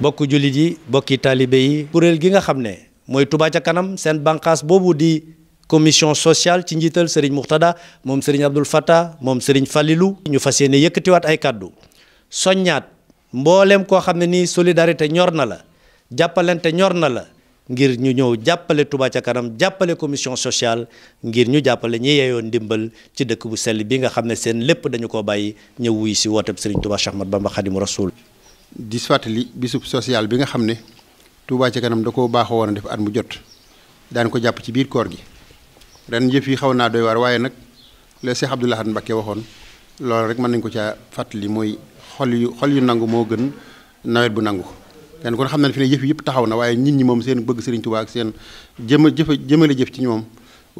bokk jullit yi bokki taalibe yi kuréel gi nga xam ne mooy Touba ca kanam seen banqaas boobu di commission sociale ci njiital Serigne Muxtada moom Serigne Abdul Fattah moom seriñ Falilou ñu fas yéene yëkkatiwaat ay kàddu soññaat mbooleem koo xam ne nii solidarité ñor na la jàppalante ñor na la ngir ñu ñëw jàppale Touba ca kanam jàppale commission sociale ngir ñu jàppale ñi yeeyoo ndimbal ci dëkk bu sell bi nga xam ne seen lépp dañu ko bàyyi ñëw wuy si wooteb Serigne Touba Cheikh Ahmadou Bamba Khadimou Rassoul di fàttali bisub social bi nga xam ne Touba ci kanam da ko baaxoo woon a def at mu jot daan ko jàpp ci biir koor gi ren jëf yi xaw naa doy waar waaye nag la Cheikh Abdou Lahad Mbacké waxoon loolu rek mën nañ ko caa fàttali mooy xol yu xol yu nangu moo gën nawet bu nangu kenn kon xam na ne fi ne jëf yëpp taxaw na waaye nit ñi moom seen bëgg Serigne Touba ak seen jëma jëf jëmale jëf ci ñoom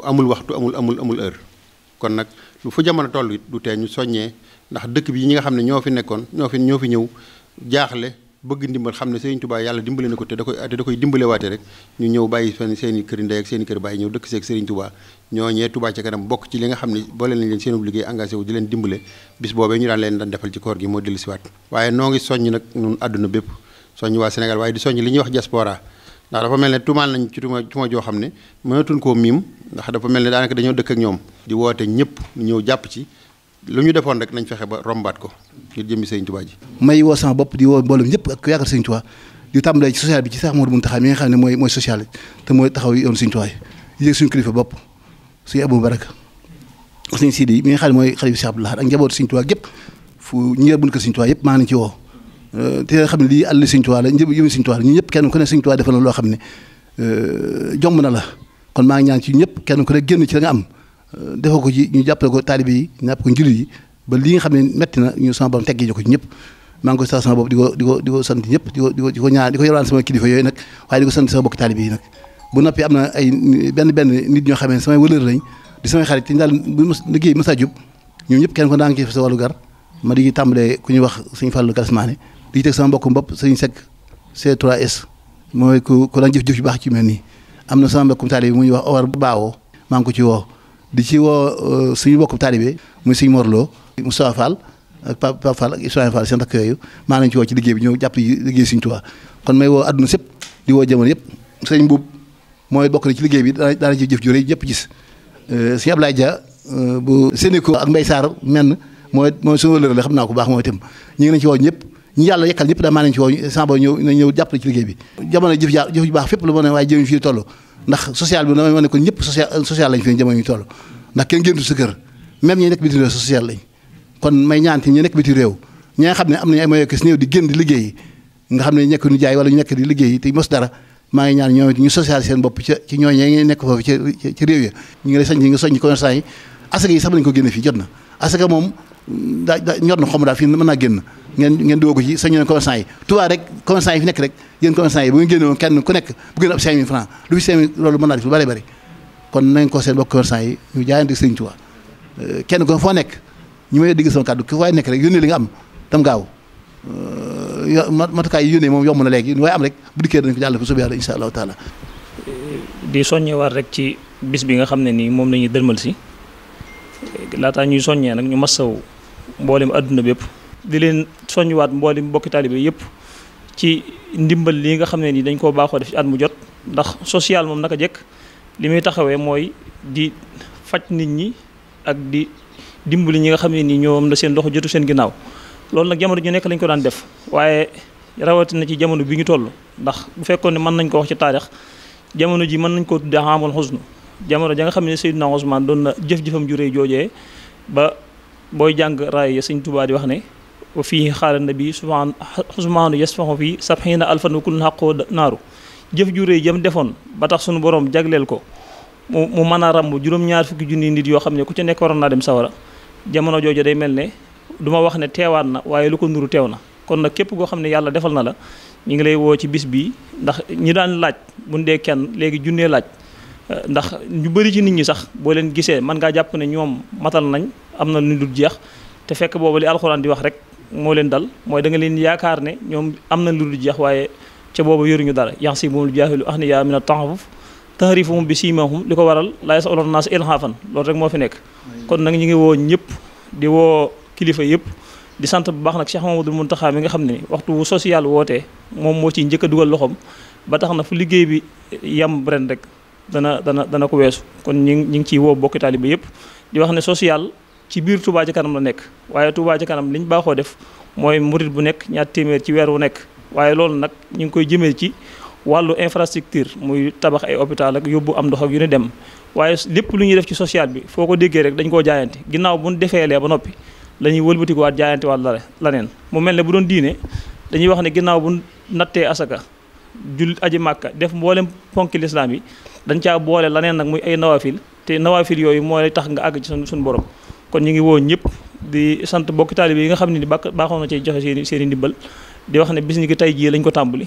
amul waxtu amul amul amul kon nag lu fa jamono toll du tee ñu soññee ndax dëkk bi ñi nga xam ne ñoo fi nekkoon ñoo fi ñoo fi ñëw jaaxle bëgg ndimbal xam ne Serigne Touba yàlla dimbale na ko te da koy te koy dimbale waate rek ñu ñëw bàyyi seen seen i kër ndey ak seen i kër bàyyi ñëw dëkk seeg Serigne Touba ñooñee Touba ca kanam bokk ci li nga xam ne boole nañ leen seen liggéey engagé wu di leen dimbale bis boobee ñu daan leen daan defal ci koor gi moo dellu siwaat waaye noo ngi soññ nag ñun àdduna bépp soññ waa Sénégal waaye di soññ li ñuy wax diaspora ndax dafa mel ne tumaal nañ ci tuma tuma joo ne mënatuñ koo miim ndax dafa mel ne daanaka dañoo dëkk ak ñoom di woote ñëpp ñëw jàpp ci lu ñu defoon rek nañ fexe ba rombaat ko ngir jëmmi sëñ Tuubaa ji may woo sama bopp di woo mboolum ñëpp ak yaakaar sëñ Tuubaa di tàmbalee bi ci sax Moodu Muntaxa mi nga xam ne mooy mooy social te mooy taxaw yoon sëñ Tuubaa yi yéeg suñu kilifa bopp suñu Abu Baraka sëñ Sidi mi nga xam ne mooy xalifa Cheikh Abdoul Ahad ak njaboot sëñ Tuubaa gépp fu ñu yor buñ ko sëñ yëpp maa ngi ci woo te xam lii àll sëñ Tuubaa la ñëpp yëmi sëñ Tuubaa la ñëpp kenn ku ne sëñ Tuubaa defal na loo xam ne euh, jomb na la kon maa ngi ñaan ci ñëpp kenn ku ne génn ci la am defoo ko ci ñu jàppale ko taalibe yi ñu jàpp ko njuli yi ba li nga xam ne metti na ñu sama borom teggi ñu ko ci ñëpp maa ngi koy sant sama bopp di ko di ko ñëpp di ko di ko di ko ñaan di ko yoraan na benn benn nit ñoo xam ne samay wëlër lañ di samay xarit ñu daal bu liggéey Moussa Diop kenn ko daa ngi gar ma ku ñuy wax suñu fàllu galasmaane di teg sama mbokk bopp sëñ s mooy ku ku daan jëf jëf yu baax ci mel nii am na sama mbokkum taalibe mu ñuy wax Omar baawoo maa ngi ko ci woo di ci woo euh, suñu mbokku taalibe muy suñu Morlo Moustapha Fall ak Pape Fall ak Ibrahima Fall seen rakk yooyu maa nañu ci woo ci liggéey bi ñëw jàpp liggéey suñu Tuubaa kon may woo àdduna di woo jamono yëpp sëñ Mbuub mooy bokk ci liggéey bi daana ci jëf ju yëpp gis euh, sëñ Ablaye Dia euh, bu Sénégal ak Mbaye Sarr menn mooy mooy ñu ngi nañ ci ñëpp ñu yàlla yekkal ñëpp daal maa nañu ci woo sàmba ñëw ñëw jàppale ci liggéey bi jamono jëf fépp lu ma ne waaye jëf fii toll ndax social bi damay wax ne kon ñëpp social euh, social lañ fi jamono ñu toll ndax kenn géntu sa kër même ñi nekk biti réew social kon may ñaanti ñi nekk biti réew ñi nga xam ne am nañu ay moyens yu néew di génn di liggéey nga xam ne nekk nu jaay wala ñu nekk di liggéey te mos dara maa ngi ñaan ñoom it ñu social seen bopp ci ci ñooñee ngi nekk foofu ci réew ya ñu ngi lay sañ ñi nga soññ commerçant yi asaka yi sax nañ ko génne fii jot na asaka moom daa daa ñor na xom daa fii mën naa génn ngeen ngeen dugg ko ci sañ leen commerçant yi Touba rek commerçant yi fi nekk rek yéen commerçant yi bu ngeen génnoon kenn ku nekk bu gën ab 5000 francs lu loolu mën naa def lu bari bari kon nañ ko seen bokk commerçant yi ñu jaayante sëñ Touba euh, kenn ko foo nekk ñu may digg sama kàddu ki waaye nekk rek yónnee li nga am tam gaaw euh, yo matukaay yi moom yomb na léegi waaye am rek bu dikkee dañ ko jàll fi soobee yàlla insha allahu euh, di soññewaat rek ci bis bi nga xam ne nii moom la ñuy si laataa ñuy soññee nag ñu masaw mboolem àdduna bépp di leen soññuwaat mboolem mbokki taalibe yëpp ci ndimbal lii nga xam ne nii dañ koo baaxoo def ci at mu jot ndax social moom naka jekk li muy taxawee mooy di faj nit ñi ak di dimbali ñi nga xam ne nii ñoom na seen loxo jotu seen ginnaaw loolu nag jamono ñu nekk lañ ko daan def waaye rawatina ci jamono bi ñu toll ndax bu fekkoon ne mën nañ ko wax ci taarix jamono ji mën nañ koo tuddee amul xusnu jamono ja nga xam ne Seydina Ousmane doon na jëf-jëfam ju rëy ba booy jàng raay ya sëñ Tuubaa di wax ne wa fii xaala nabi subhaan xusmaanu yasfaxu fii sabxiina alfan wa kullun xaqoo naaru jëf ju réy jëm defoon ba tax suñu borom jagleel ko mu mu mën a ràmb juróom-ñaar fukki junni nit yoo xam ne ku ci nekk waroon naa dem sawara jamono jooju day mel ne du ma wax ne teewaat na waaye lu ko nuru teew na kon nag képp koo xam ne yàlla defal na la ñu ngi lay woo ci bis bi ndax ñi daan laaj bu dee kenn léegi junnee laaj ndax ñu bëri ci nit ñi sax boo leen gisee mën ngaa jàpp ne ñoom matal nañ am na lu dul jeex te fekk booba li alxuraan di wax rek moo leen dal mooy da nga leen yaakaar ne ñoom am na lu dul jeex waaye ca booba yoruñu dara yax si moom lu jaaxilu ax ni yaa mina taxafuf taxarifuhum bi siimahum li ko waral laa yas'aluuna naas ilhaafan loolu rek moo fi nekk kon nag ñu ngi woo ñëpp di woo kilifa yëpp di sant bu baax nag Cheikh Mamadou Mountakha mi nga xam ne waxtu wu social wootee moom moo ciy njëkk a dugal loxoom ba tax na fu liggéey bi yam ren rek dana dana dana ko weesu kon ñi ngi ñu ngi ciy woo bokki taalibe yëpp di wax ne social ci biir Touba ci kanam la nekk waaye Touba ci kanam li ñu baaxoo def mooy murit bu nekk ñaar téeméer ci weer wu nekk waaye loolu nag ñu ngi koy jëmee ci wàllu infrastructure muy tabax ay hôpital ak yóbbu am ndox ak yu ne dem waaye lépp lu ñuy def ci social bi foo ko déggee rek dañ koo jaayante ginnaaw bu defeelee ba noppi la ñuy jaayante waat la laneen mu mel ne bu doon diine dañuy wax ne ginnaaw bu nattee asaka jul aji màkka def mboolem ponki lislaam yi dañ caa boole laneen nag muy ay nawafil te nawafil yooyu mooy tax nga àgg ci suñu borom kon ñu ngi woo ñëpp di sant bokki taalibe yi nga xam ne ni baaxoon na cee joxe seen seen i ndimbal di wax ne bis ñi ngi tey jii lañ ko tàmbali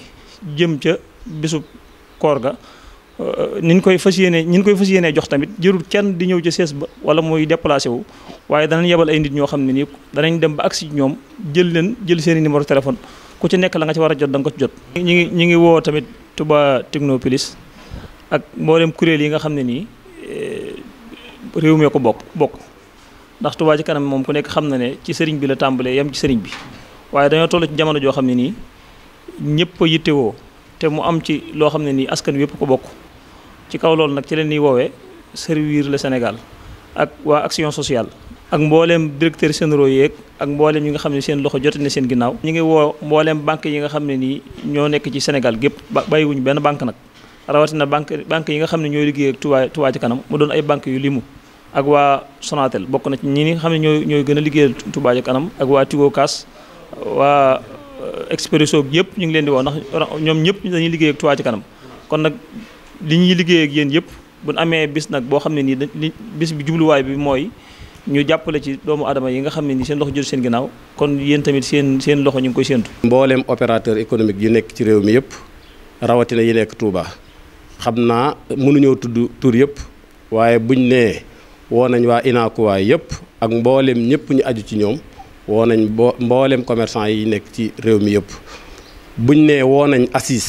jëm ca bisu koor ga euh, niñ koy fas yéenee niñ koy fas yéenee jox tamit jërul kenn di ñëw ca sees ba wala muy déplacé wu waaye danañ yebal ay nit ñoo xam ne nii danañ dem ba agsi ñoom jël leen jël seen i numéro téléphone ku ci nekk la nga ci war a jot da ko ci jot. ñu ngi ñu ngi woo tamit Touba Technopolis ak mboolem kuréel yi nga xam ne nii eh, réew mi ko ndax Touba Ca Kanam moom ku nekk xam na ne ci sëriñ bi la tàmbalee yam ci sëriñ bi waaye dañoo toll ci jamono joo xam ne nii ñëpp a yittewoo te mu am ci loo xam ne nii askan yépp ko bokk ci kaw loolu nag ci leen ñuy woowee servir le Sénégal ak waa action sociale ak mbooleem directeur généraux yeeg ak mbooleem ñi nga xam ne seen loxo jot na seen ginnaaw ñu ngi woo mbooleem banque yi nga xam ne nii ñoo nekk ci Sénégal gépp bàyyiwuñu benn banque nag rawatina banque banque yi nga xam ne ñooy liggéey ak Touba Touba Ca Kanam mu doon ay banque yu limu ak waa Sonatel bokk na ci ñi ni xam ne ñooy ñooy gën a liggéeyal Touba ca kanam ak waa Tigo kaas waa euh, Expresso yëpp ñu ngi leen di woo ndax ñoom ñëpp dañuy liggéey ak Touba ca kanam kon nag li ñuy liggéey ak yëpp bu ñu amee bis nag boo xam ne nii bis bi jubluwaay bi mooy ñu jàppale ci doomu adama yi nga xam ne nii seen loxo jël seen ginnaaw kon yéen tamit seen seen loxo ñu ngi koy séentu. mbooleem opérateur économique yi nekk ci réew mi yëpp rawatina yi nekk Touba xam naa mënuñoo tudd tur yëpp waaye buñ nee woo nañ waa inaakuwaay yëpp ak mbooleem ñëpp ñu aju ci ñoom woo nañ boo mboolem commerçant yi nekk ci réew mi yëpp buñ nee woo nañ ACIS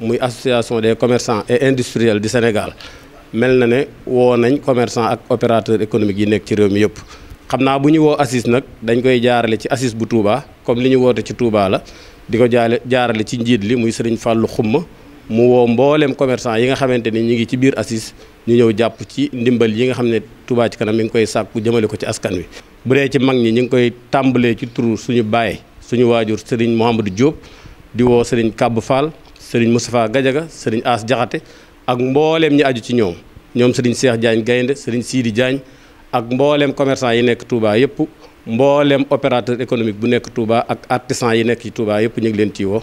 muy association de commerçants et industriels du Sénégal mel na ne woo nañ commerçant ak opérateur économique yi nekk ci réew mi yëpp xam naa bu ñu woo assis nag dañ koy jaarale ci ACIS bu Touba comme li ñu woote ci Touba la di ko jaale jaarale ci njiit li muy Sëriñ Fàllu Xumma mu woo mbooleem commercant yi nga xamante ni ñu ngi ci biir assis ñu ñëw jàpp ci ndimbal yi nga xam ne Touba ci kanam mi ngi koy sàkku jëmale ko ci askan wi bu dee ci mag ñi ñu ngi koy tàmbalee ci turu suñu baay suñu waajur sëriñ Mouhamadou Diop di woo sëriñ Kàbb Fall sëriñ Moustapha Gadiaga sëriñ As Jaxate ak mbooleem ñi aju ci ñoom ñoom sëriñ Cheikh Diagne Gaynde sëriñ Sidi jaañ ak mbooleem commercant yi nekk Touba yëpp mbooleem opérateur économique bu nekk Touba ak artisan yi nekk ci Touba yëpp ñu ngi leen ciy woo